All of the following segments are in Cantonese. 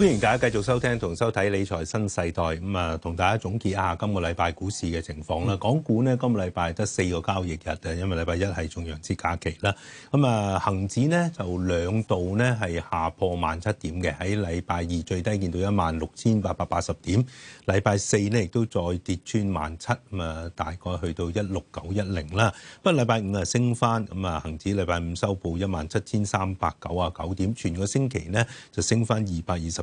歡迎大家繼續收聽同收睇理財新世代，咁啊，同大家總結下今個禮拜股市嘅情況啦。港股咧今個禮拜得四個交易日啊，因為禮拜一係重陽節假期啦。咁啊，恆指咧就兩度咧係下破萬七點嘅，喺禮拜二最低見到一萬六千八百八十點，禮拜四咧亦都再跌穿萬七，咁啊，大概去到一六九一零啦。不過禮拜五啊升翻，咁啊恆指禮拜五收報一萬七千三百九十九點，全個星期咧就升翻二百二十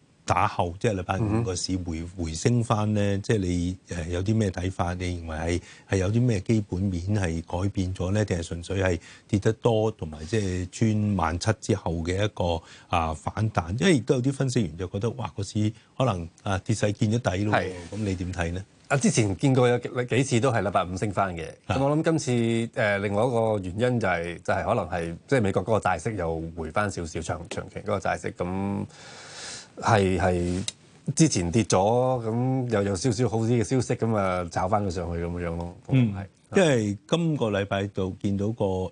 打後即係禮拜五個市回、嗯、哼回升翻咧，即係你有啲咩睇法？你認為係有啲咩基本面係改變咗咧？定係純粹係跌得多同埋即係穿萬七之後嘅一個啊反彈？因為亦都有啲分析員就覺得哇，個市可能啊跌勢見咗底咯。咁的你點睇咧？啊，之前見過有幾次都係禮拜五升翻嘅。咁的我諗今次另外一個原因就係、是、就係、是、可能係即係美國嗰個債息又回翻少少，長長期嗰個債息咁。係係，之前跌咗，咁又有少少好啲嘅消息，咁啊，炒翻佢上去咁樣咯。嗯，係是，因為今個禮拜就見到個誒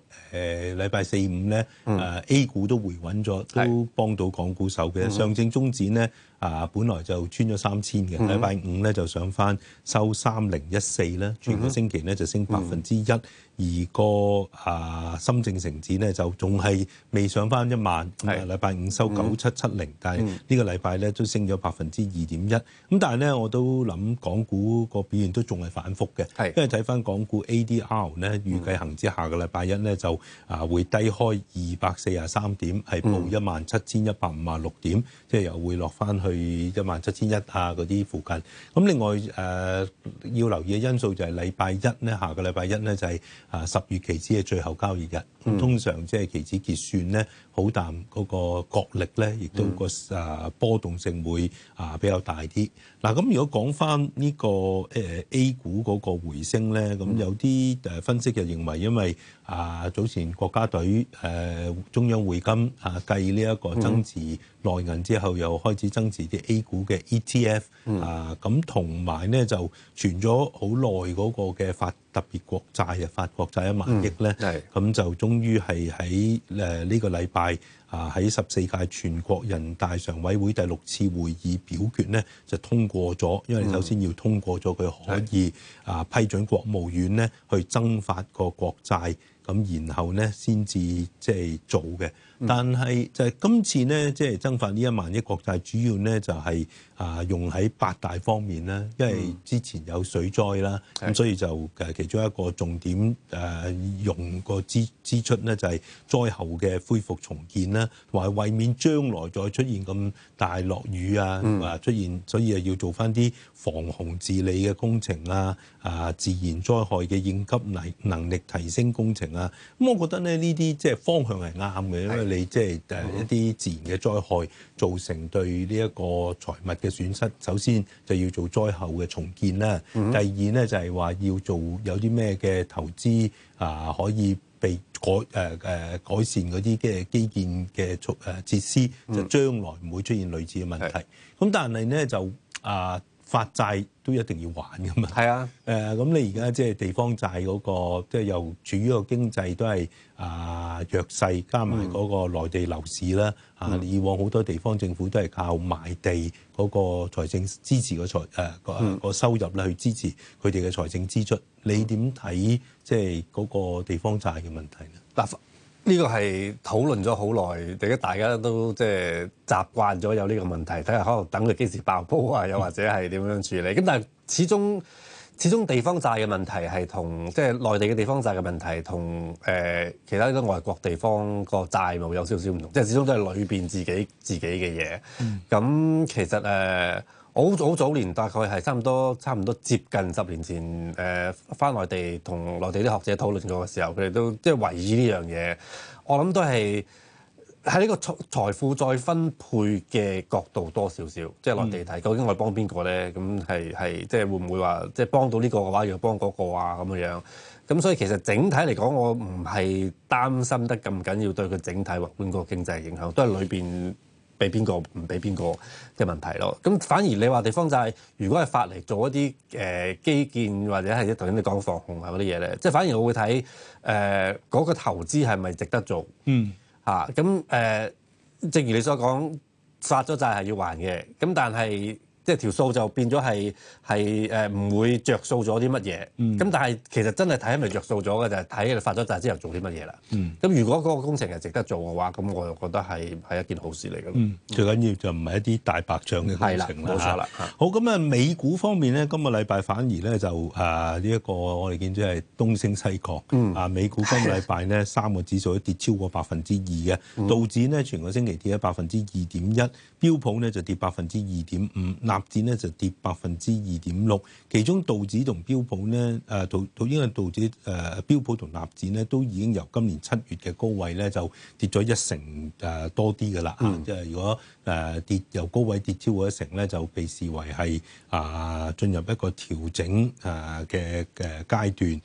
禮拜四五咧，誒、嗯啊、A 股都回穩咗，都幫到港股收嘅是上證綜指咧。嗯啊，本來就穿咗三千嘅，禮拜五咧就上翻收三零一四啦，hmm. 全個星期咧就升百分之一，而個啊深證成指咧就仲係未上翻一萬，禮拜五收九七七零，但係呢個禮拜咧都升咗百分之二點一，咁但係咧我都諗港股個表現都仲係反覆嘅，mm hmm. 因為睇翻港股 ADR 咧預計行之下個禮拜一咧就啊會低開二百四啊三點，係報一萬七千一百五啊六點，mm hmm. 即係又會落翻去。去一萬七千一啊，嗰啲附近，咁另外誒、呃、要留意嘅因素就係禮拜一咧，下個禮拜一咧就係、是、啊十月期指嘅最後交易日。嗯、通常即係期指結算咧，好淡嗰、嗰個角力咧，亦都個啊、嗯、波動性會啊比較大啲。嗱，咁如果講翻呢個誒 A 股嗰個回升咧，咁有啲誒分析就認為，因為啊早前國家隊誒、啊、中央匯金啊計呢一個增持內、嗯、銀之後又開始增持。啲 A 股嘅 ETF、嗯、啊，咁同埋咧就傳咗好耐嗰個嘅發特別國債啊，發國債一萬億咧，咁、嗯、就終於係喺呢個禮拜啊喺十四屆全國人大常委會第六次會議表決咧就通過咗，因為首先要通過咗佢可以、嗯、啊批准國務院咧去增發個國債，咁、呃、然後咧先至即係做嘅。但係就係今次咧即係增發呢一萬億國債，主要咧就係、是、啊用喺八大方面啦，因為之前有水災啦，咁、嗯、所以就、呃其中一個重點誒、呃、用個支支出咧，就係、是、災後嘅恢復重建啦，同埋為免將來再出現咁大落雨啊，或、嗯、出現，所以啊要做翻啲防洪治理嘅工程啦，啊、呃、自然災害嘅應急能能力提升工程啊。咁、嗯、我覺得咧呢啲即係方向係啱嘅，因為是你即係誒一啲自然嘅災害造成對呢一個財物嘅損失，首先就要做災後嘅重建啦。嗯、第二咧就係、是、話要做。有啲咩嘅投資啊，可以被改誒誒、呃、改善嗰啲嘅基建嘅措誒設施，嗯、就將來唔會出現類似嘅問題。咁是的 但係咧就啊。呃發債都一定要還噶嘛？係啊，咁、呃、你而家即係地方債嗰、嗰個，即係又處於個經濟都係啊、呃、弱勢，加埋嗰個內地樓市啦，嗯、啊你以往好多地方政府都係靠賣地嗰個財政支持財、呃、嗰個財收入去支持佢哋嘅財政支出，你點睇即係嗰個地方債嘅問題呢？呢個係討論咗好耐，而家大家都即係習慣咗有呢個問題，睇下可能等佢幾時爆煲啊，又或者係點樣處理？咁但係始終始終地方債嘅問題係同即係內地嘅地方債嘅問題同誒、呃、其他啲外國地方個債務有少少唔同，即係始終都係裏邊自己自己嘅嘢。咁、嗯、其實誒。呃好早早年大概係差唔多差唔多接近十年前，誒、呃，翻內地同內地啲學者討論過嘅時候，佢哋都即係圍繞呢樣嘢。我諗都係喺呢個財富再分配嘅角度多少少，即係內地睇究竟我哋幫邊個咧？咁係係即係會唔會話即係幫到呢個嘅話，要幫嗰個啊咁樣？咁所以其實整體嚟講，我唔係擔心得咁緊要對佢整體或半個經濟影響，都係裏邊。俾邊個唔俾邊個嘅問題咯，咁反而你話地方債，如果係發嚟做一啲誒、呃、基建或者係一頭先你講防洪嗰啲嘢咧，即係反而我會睇誒嗰個投資係咪值得做？嗯、啊，嚇咁誒，正如你所講，發咗債係要還嘅，咁但係。即係條數就變咗係係誒唔會着數咗啲乜嘢，咁、嗯、但係其實真係睇係咪着數咗嘅就係、是、睇發咗債之後做啲乜嘢啦。咁、嗯、如果個工程係值得做嘅話，咁我又覺得係係一件好事嚟嘅。嗯、最緊要就唔係一啲大白象嘅工程啦嚇。好咁啊，的美股方面咧，今個禮拜反而咧就誒呢一個我哋見咗係東升西降。嗯、啊，美股今個禮拜呢三個指數都跌超過百分之二嘅，道指、嗯、呢全個星期跌咗百分之二點一，標普呢就跌百分之二點五，納指咧就跌百分之二點六，其中道指同標普咧，誒道因為道指誒、呃、標普同納指咧都已經由今年七月嘅高位咧就跌咗一成誒多啲㗎喇，即係、嗯、如果誒跌由高位跌超過一成咧就被視為係啊進入一個調整誒嘅嘅階段。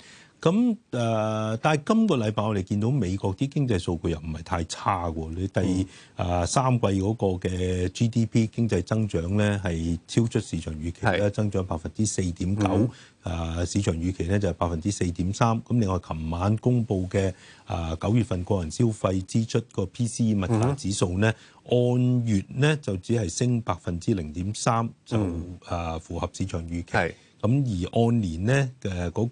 咁誒、呃，但係今個禮拜我哋見到美國啲經濟數據又唔係太差喎，你第誒、嗯呃、三季嗰個嘅 GDP 經濟增長咧係超出市場預期啦，是增長百分之四點九，誒、嗯呃、市場預期咧就係百分之四點三。咁另外，琴晚公布嘅誒九月份個人消費支出個 PCE 物價指數咧，嗯、按月咧就只係升百分之零點三，就誒、呃、符合市場預期。嗯咁而按年咧嗰、嗰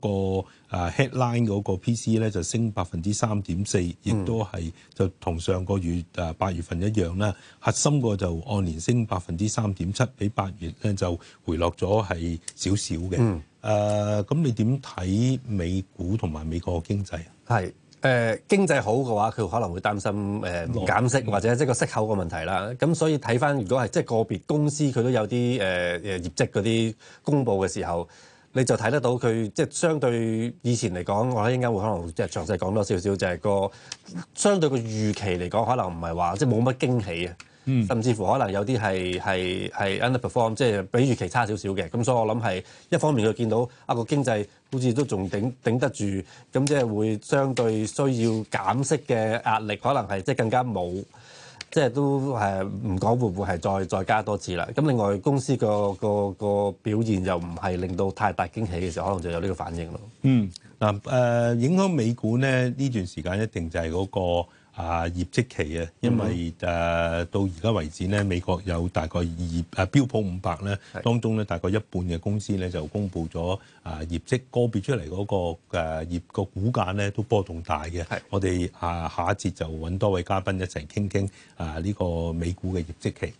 個 headline 嗰個 PC 咧就升百分之三點四，亦都係就同上個月啊八月份一樣啦。核心個就按年升百分之三點七，比八月咧就回落咗係少少嘅。咁、嗯啊、你點睇美股同埋美國經濟啊？係。誒經濟好嘅話，佢可能會擔心誒、呃、減息或者即係個息口嘅問題啦。咁所以睇翻，如果係即係個別公司，佢都有啲誒誒業績嗰啲公佈嘅時候，你就睇得到佢即係相對以前嚟講，我覺得應該會可能即係詳細講多少少，就係個相對個預期嚟講，可能唔係話即係冇乜驚喜。嗯、甚至乎可能有啲係係係 underperform，即係比預期差少少嘅。咁所以我諗係一方面佢見到啊個經濟好似都仲頂頂得住，咁即係會相對需要減息嘅壓力可能係即係更加冇，即、就、係、係、都誒唔講會唔會係再再加多次啦。咁另外公司嘅個個個表現又唔係令到太大驚喜嘅時候，可能就有呢個反應咯。嗯，嗱、呃、誒影響美股咧呢，這段時間一定就係嗰、那個。啊業績期啊，因為誒、啊、到而家為止咧，美國有大概二誒、啊、標普五百咧，當中咧大概一半嘅公司咧就公布咗啊業績，個別出嚟嗰、嗰個誒、啊、業個股價咧都波動大嘅。是的 我哋啊下一節就揾多位嘉賓一齊傾傾啊呢、呢個美股嘅業績期。